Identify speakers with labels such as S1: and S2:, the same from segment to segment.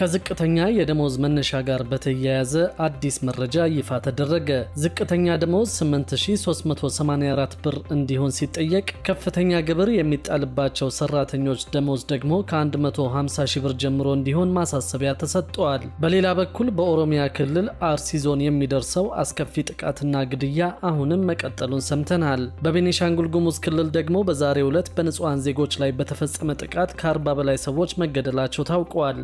S1: ከዝቅተኛ የደሞዝ መነሻ ጋር በተያያዘ አዲስ መረጃ ይፋ ተደረገ። ዝቅተኛ ደሞዝ 8384 ብር እንዲሆን ሲጠየቅ ከፍተኛ ግብር የሚጣልባቸው ሰራተኞች ደሞዝ ደግሞ ከ150 ሺ ብር ጀምሮ እንዲሆን ማሳሰቢያ ተሰጥቷል። በሌላ በኩል በኦሮሚያ ክልል አርሲ ዞን የሚደርሰው አስከፊ ጥቃትና ግድያ አሁንም መቀጠሉን ሰምተናል። በቤኒሻንጉል ጉሙዝ ክልል ደግሞ በዛሬው ዕለት በንጹሐን ዜጎች ላይ በተፈጸመ ጥቃት ከ40 በላይ ሰዎች መገደላቸው ታውቋል።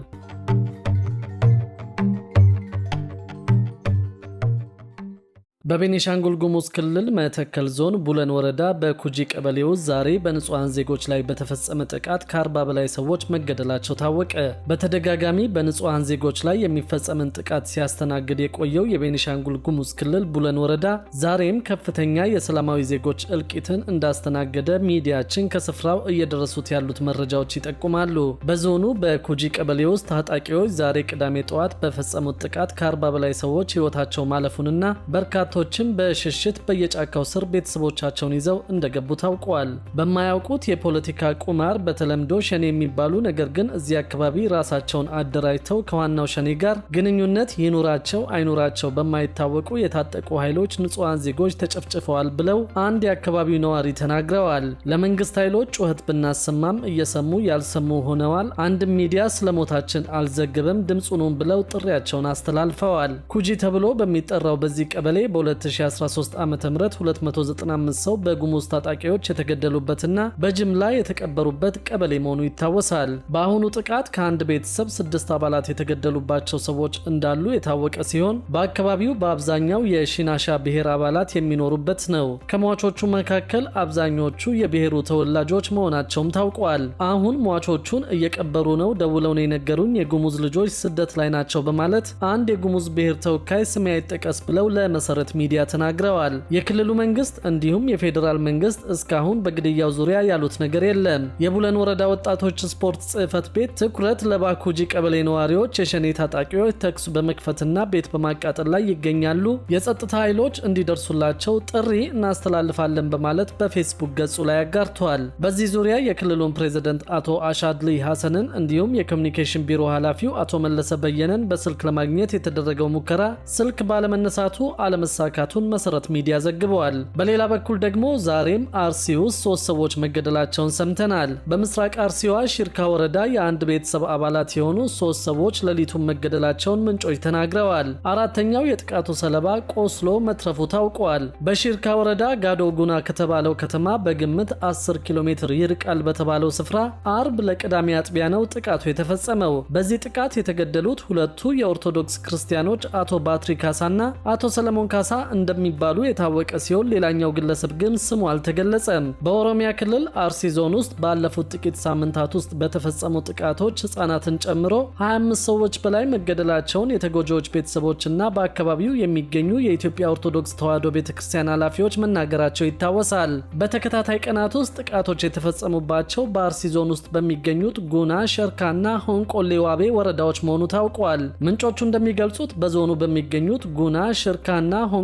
S1: በቤኒሻንጉል ጉሙዝ ክልል መተከል ዞን ቡለን ወረዳ በኩጂ ቀበሌ ውስጥ ዛሬ በንጹሐን ዜጎች ላይ በተፈጸመ ጥቃት ከ40 በላይ ሰዎች መገደላቸው ታወቀ። በተደጋጋሚ በንጹሐን ዜጎች ላይ የሚፈጸምን ጥቃት ሲያስተናግድ የቆየው የቤኒሻንጉል ጉሙዝ ክልል ቡለን ወረዳ ዛሬም ከፍተኛ የሰላማዊ ዜጎች እልቂትን እንዳስተናገደ ሚዲያችን ከስፍራው እየደረሱት ያሉት መረጃዎች ይጠቁማሉ። በዞኑ በኩጂ ቀበሌ ውስጥ ታጣቂዎች ዛሬ ቅዳሜ ጠዋት በፈጸሙት ጥቃት ከ40 በላይ ሰዎች ሕይወታቸው ማለፉንና በርካታ በርካቶችም በሽሽት በየጫካው ስር ቤተሰቦቻቸውን ይዘው እንደገቡ ታውቋል። በማያውቁት የፖለቲካ ቁማር በተለምዶ ሸኔ የሚባሉ ነገር ግን እዚህ አካባቢ ራሳቸውን አደራጅተው ከዋናው ሸኔ ጋር ግንኙነት ይኑራቸው አይኑራቸው በማይታወቁ የታጠቁ ኃይሎች ንጹሐን ዜጎች ተጨፍጭፈዋል ብለው አንድ የአካባቢው ነዋሪ ተናግረዋል። ለመንግስት ኃይሎች ጩኸት ብናሰማም እየሰሙ ያልሰሙ ሆነዋል። አንድ ሚዲያ ስለሞታችን አልዘግብም ድምፁኑን ብለው ጥሪያቸውን አስተላልፈዋል። ኩጂ ተብሎ በሚጠራው በዚህ ቀበሌ 2013 ዓ ም 295 ሰው በጉሙዝ ታጣቂዎች የተገደሉበትና በጅምላ የተቀበሩበት ቀበሌ መሆኑ ይታወሳል። በአሁኑ ጥቃት ከአንድ ቤተሰብ ስድስት አባላት የተገደሉባቸው ሰዎች እንዳሉ የታወቀ ሲሆን በአካባቢው በአብዛኛው የሺናሻ ብሔር አባላት የሚኖሩበት ነው። ከሟቾቹ መካከል አብዛኞቹ የብሔሩ ተወላጆች መሆናቸውም ታውቋል። አሁን ሟቾቹን እየቀበሩ ነው፣ ደውለው ነው የነገሩኝ፣ የጉሙዝ ልጆች ስደት ላይ ናቸው በማለት አንድ የጉሙዝ ብሔር ተወካይ ስሜ አይጠቀስ ብለው ለመሰረት ሚዲያ ተናግረዋል። የክልሉ መንግስት እንዲሁም የፌዴራል መንግስት እስካሁን በግድያው ዙሪያ ያሉት ነገር የለም። የቡለን ወረዳ ወጣቶች ስፖርት ጽህፈት ቤት ትኩረት ለባኩጂ ቀበሌ ነዋሪዎች የሸኔ ታጣቂዎች ተኩስ በመክፈትና ቤት በማቃጠል ላይ ይገኛሉ፣ የጸጥታ ኃይሎች እንዲደርሱላቸው ጥሪ እናስተላልፋለን በማለት በፌስቡክ ገጹ ላይ አጋርተዋል። በዚህ ዙሪያ የክልሉን ፕሬዝደንት አቶ አሻድሊ ሐሰንን እንዲሁም የኮሚኒኬሽን ቢሮ ኃላፊው አቶ መለሰ በየነን በስልክ ለማግኘት የተደረገው ሙከራ ስልክ ባለመነሳቱ አለመሳ መሳካቱን መሰረት ሚዲያ ዘግበዋል። በሌላ በኩል ደግሞ ዛሬም አርሲ ውስጥ ሶስት ሰዎች መገደላቸውን ሰምተናል። በምስራቅ አርሲዋ ሺርካ ወረዳ የአንድ ቤተሰብ አባላት የሆኑ ሶስት ሰዎች ሌሊቱን መገደላቸውን ምንጮች ተናግረዋል። አራተኛው የጥቃቱ ሰለባ ቆስሎ መትረፉ ታውቋል። በሺርካ ወረዳ ጋዶ ጉና ከተባለው ከተማ በግምት 10 ኪሎ ሜትር ይርቃል በተባለው ስፍራ አርብ ለቅዳሜ አጥቢያ ነው ጥቃቱ የተፈጸመው። በዚህ ጥቃት የተገደሉት ሁለቱ የኦርቶዶክስ ክርስቲያኖች አቶ ባትሪ ካሳና አቶ ሰለሞን ካሳ ሐምሳ እንደሚባሉ የታወቀ ሲሆን ሌላኛው ግለሰብ ግን ስሙ አልተገለጸም። በኦሮሚያ ክልል አርሲ ዞን ውስጥ ባለፉት ጥቂት ሳምንታት ውስጥ በተፈጸሙ ጥቃቶች ህጻናትን ጨምሮ 25 ሰዎች በላይ መገደላቸውን የተጎጂዎች ቤተሰቦችና በአካባቢው የሚገኙ የኢትዮጵያ ኦርቶዶክስ ተዋሕዶ ቤተክርስቲያን ኃላፊዎች መናገራቸው ይታወሳል። በተከታታይ ቀናት ውስጥ ጥቃቶች የተፈጸሙባቸው በአርሲ ዞን ውስጥ በሚገኙት ጉና፣ ሸርካና ሆንቆሌ ዋቤ ወረዳዎች መሆኑ ታውቋል። ምንጮቹ እንደሚገልጹት በዞኑ በሚገኙት ጉና፣ ሽርካና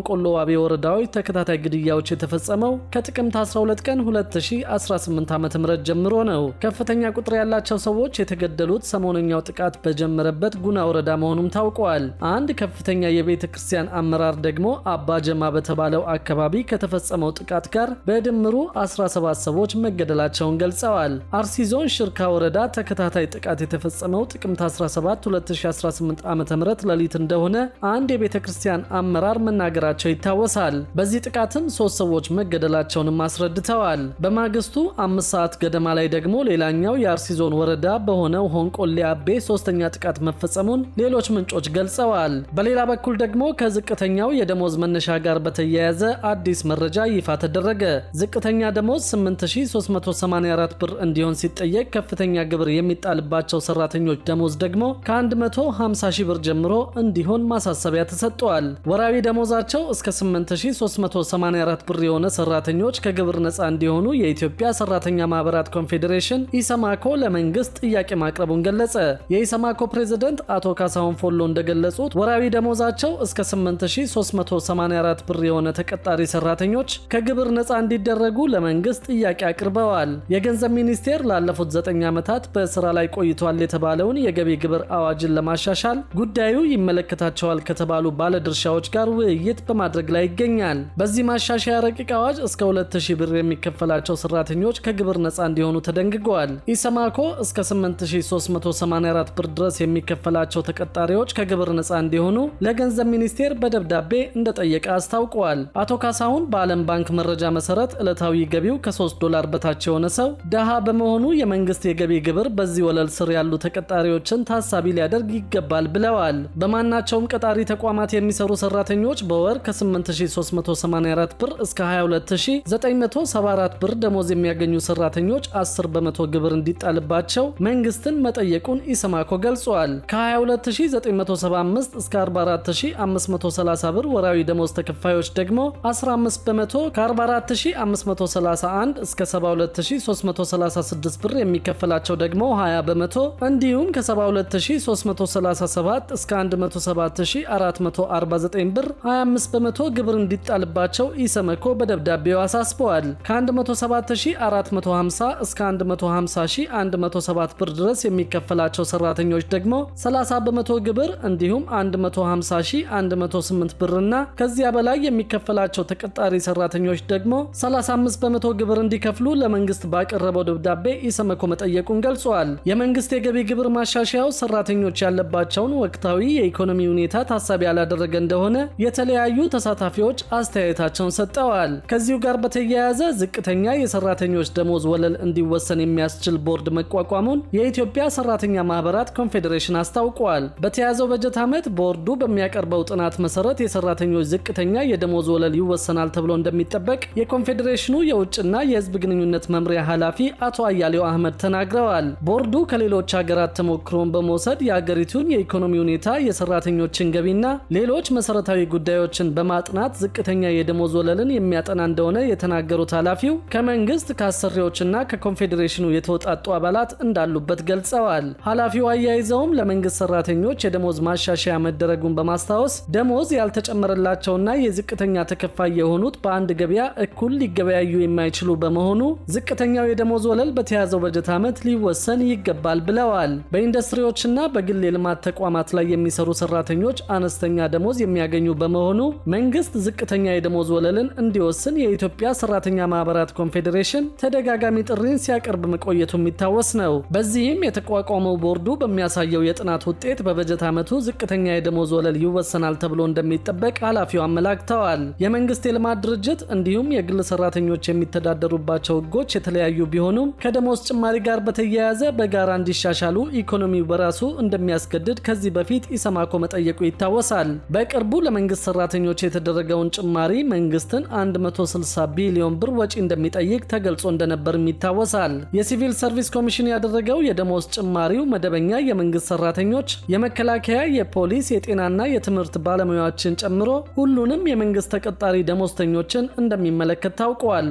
S1: ቆሎ ዋቤ ወረዳዎች ተከታታይ ግድያዎች የተፈጸመው ከጥቅምት 12 ቀን 2018 ዓ.ም ጀምሮ ነው። ከፍተኛ ቁጥር ያላቸው ሰዎች የተገደሉት ሰሞነኛው ጥቃት በጀመረበት ጉና ወረዳ መሆኑም ታውቋል። አንድ ከፍተኛ የቤተ ክርስቲያን አመራር ደግሞ አባ ጀማ በተባለው አካባቢ ከተፈጸመው ጥቃት ጋር በድምሩ 17 ሰዎች መገደላቸውን ገልጸዋል። አርሲ ዞን ሽርካ ወረዳ ተከታታይ ጥቃት የተፈጸመው ጥቅምት 17 2018 ዓ.ም ሌሊት እንደሆነ አንድ የቤተ ክርስቲያን አመራር መናገራል መቆጣጠራቸው ይታወሳል። በዚህ ጥቃትም ሶስት ሰዎች መገደላቸውንም አስረድተዋል። በማግስቱ አምስት ሰዓት ገደማ ላይ ደግሞ ሌላኛው የአርሲ ዞን ወረዳ በሆነው ሆንቆሌ አቤ ሶስተኛ ጥቃት መፈጸሙን ሌሎች ምንጮች ገልጸዋል። በሌላ በኩል ደግሞ ከዝቅተኛው የደሞዝ መነሻ ጋር በተያያዘ አዲስ መረጃ ይፋ ተደረገ። ዝቅተኛ ደሞዝ 8384 ብር እንዲሆን ሲጠየቅ ከፍተኛ ግብር የሚጣልባቸው ሰራተኞች ደሞዝ ደግሞ ከ150 ሺህ ብር ጀምሮ እንዲሆን ማሳሰቢያ ተሰጥቷል። ወራዊ ደሞዛቸው ደሞዛቸው እስከ 8384 ብር የሆነ ሰራተኞች ከግብር ነፃ እንዲሆኑ የኢትዮጵያ ሰራተኛ ማህበራት ኮንፌዴሬሽን ኢሰማኮ ለመንግስት ጥያቄ ማቅረቡን ገለጸ። የኢሰማኮ ፕሬዝደንት አቶ ካሳሁን ፎሎ እንደገለጹት ወራዊ ደሞዛቸው እስከ 8384 ብር የሆነ ተቀጣሪ ሰራተኞች ከግብር ነፃ እንዲደረጉ ለመንግስት ጥያቄ አቅርበዋል። የገንዘብ ሚኒስቴር ላለፉት 9 ዓመታት በስራ ላይ ቆይቷል የተባለውን የገቢ ግብር አዋጅን ለማሻሻል ጉዳዩ ይመለከታቸዋል ከተባሉ ባለድርሻዎች ጋር ውይይት ውይይት በማድረግ ላይ ይገኛል። በዚህ ማሻሻያ ረቂቅ አዋጅ እስከ 2000 ብር የሚከፈላቸው ሰራተኞች ከግብር ነፃ እንዲሆኑ ተደንግገዋል። ኢሰማኮ እስከ 8384 ብር ድረስ የሚከፈላቸው ተቀጣሪዎች ከግብር ነፃ እንዲሆኑ ለገንዘብ ሚኒስቴር በደብዳቤ እንደጠየቀ አስታውቀዋል። አቶ ካሳሁን በዓለም ባንክ መረጃ መሰረት ዕለታዊ ገቢው ከ3 ዶላር በታች የሆነ ሰው ደሃ በመሆኑ የመንግስት የገቢ ግብር በዚህ ወለል ስር ያሉ ተቀጣሪዎችን ታሳቢ ሊያደርግ ይገባል ብለዋል። በማናቸውም ቀጣሪ ተቋማት የሚሰሩ ሰራተኞች በወ ወር ከ8384 ብር እስከ 22974 ብር ደሞዝ የሚያገኙ ሰራተኞች 10 በመቶ ግብር እንዲጣልባቸው መንግስትን መጠየቁን ኢሰማኮ ገልጿል። ከ22975 እስከ 44530 ብር ወራዊ ደሞዝ ተከፋዮች ደግሞ 15 በመቶ ከ44531 እስከ 72336 ብር የሚከፈላቸው ደግሞ 20 በመቶ እንዲሁም ከ72337 እስከ 107449 ብር 25 15 በመቶ ግብር እንዲጣልባቸው ኢሰመኮ በደብዳቤው አሳስበዋል። ከ17450 እስከ 150107 ብር ድረስ የሚከፈላቸው ሰራተኞች ደግሞ 30 በመቶ ግብር እንዲሁም 150108 ብርና ከዚያ በላይ የሚከፈላቸው ተቀጣሪ ሰራተኞች ደግሞ 35 በመቶ ግብር እንዲከፍሉ ለመንግስት ባቀረበው ደብዳቤ ኢሰመኮ መጠየቁን ገልጿል። የመንግስት የገቢ ግብር ማሻሻያው ሰራተኞች ያለባቸውን ወቅታዊ የኢኮኖሚ ሁኔታ ታሳቢ ያላደረገ እንደሆነ የተለያዩ የተለያዩ ተሳታፊዎች አስተያየታቸውን ሰጥተዋል። ከዚሁ ጋር በተያያዘ ዝቅተኛ የሰራተኞች ደሞዝ ወለል እንዲወሰን የሚያስችል ቦርድ መቋቋሙን የኢትዮጵያ ሰራተኛ ማህበራት ኮንፌዴሬሽን አስታውቋል። በተያዘው በጀት ዓመት ቦርዱ በሚያቀርበው ጥናት መሰረት የሰራተኞች ዝቅተኛ የደሞዝ ወለል ይወሰናል ተብሎ እንደሚጠበቅ የኮንፌዴሬሽኑ የውጭና የህዝብ ግንኙነት መምሪያ ኃላፊ አቶ አያሌው አህመድ ተናግረዋል። ቦርዱ ከሌሎች ሀገራት ተሞክሮን በመውሰድ የአገሪቱን የኢኮኖሚ ሁኔታ፣ የሰራተኞችን ገቢና ሌሎች መሰረታዊ ጉዳዮች ሁኔታዎችን በማጥናት ዝቅተኛ የደሞዝ ወለልን የሚያጠና እንደሆነ የተናገሩት ኃላፊው ከመንግስት ከአሰሪዎችና ከኮንፌዴሬሽኑ የተውጣጡ አባላት እንዳሉበት ገልጸዋል። ኃላፊው አያይዘውም ለመንግስት ሰራተኞች የደሞዝ ማሻሻያ መደረጉን በማስታወስ ደሞዝ ያልተጨመረላቸውና የዝቅተኛ ተከፋይ የሆኑት በአንድ ገበያ እኩል ሊገበያዩ የማይችሉ በመሆኑ ዝቅተኛው የደሞዝ ወለል በተያዘው በጀት ዓመት ሊወሰን ይገባል ብለዋል። በኢንዱስትሪዎችና በግል የልማት ተቋማት ላይ የሚሰሩ ሰራተኞች አነስተኛ ደሞዝ የሚያገኙ በመሆኑ መንግስት ዝቅተኛ የደሞዝ ወለልን እንዲወስን የኢትዮጵያ ሰራተኛ ማህበራት ኮንፌዴሬሽን ተደጋጋሚ ጥሪን ሲያቀርብ መቆየቱ የሚታወስ ነው። በዚህም የተቋቋመው ቦርዱ በሚያሳየው የጥናት ውጤት በበጀት ዓመቱ ዝቅተኛ የደሞዝ ወለል ይወሰናል ተብሎ እንደሚጠበቅ ኃላፊው አመላክተዋል። የመንግስት የልማት ድርጅት እንዲሁም የግል ሰራተኞች የሚተዳደሩባቸው ህጎች የተለያዩ ቢሆኑም ከደሞዝ ጭማሪ ጋር በተያያዘ በጋራ እንዲሻሻሉ ኢኮኖሚው በራሱ እንደሚያስገድድ ከዚህ በፊት ኢሰማኮ መጠየቁ ይታወሳል። በቅርቡ ለመንግስት ሰራተኞች ሰራተኞች የተደረገውን ጭማሪ መንግስትን 160 ቢሊዮን ብር ወጪ እንደሚጠይቅ ተገልጾ እንደነበርም ይታወሳል። የሲቪል ሰርቪስ ኮሚሽን ያደረገው የደሞዝ ጭማሪው መደበኛ የመንግስት ሰራተኞች፣ የመከላከያ፣ የፖሊስ፣ የጤናና የትምህርት ባለሙያዎችን ጨምሮ ሁሉንም የመንግስት ተቀጣሪ ደሞዝተኞችን እንደሚመለከት ታውቋል።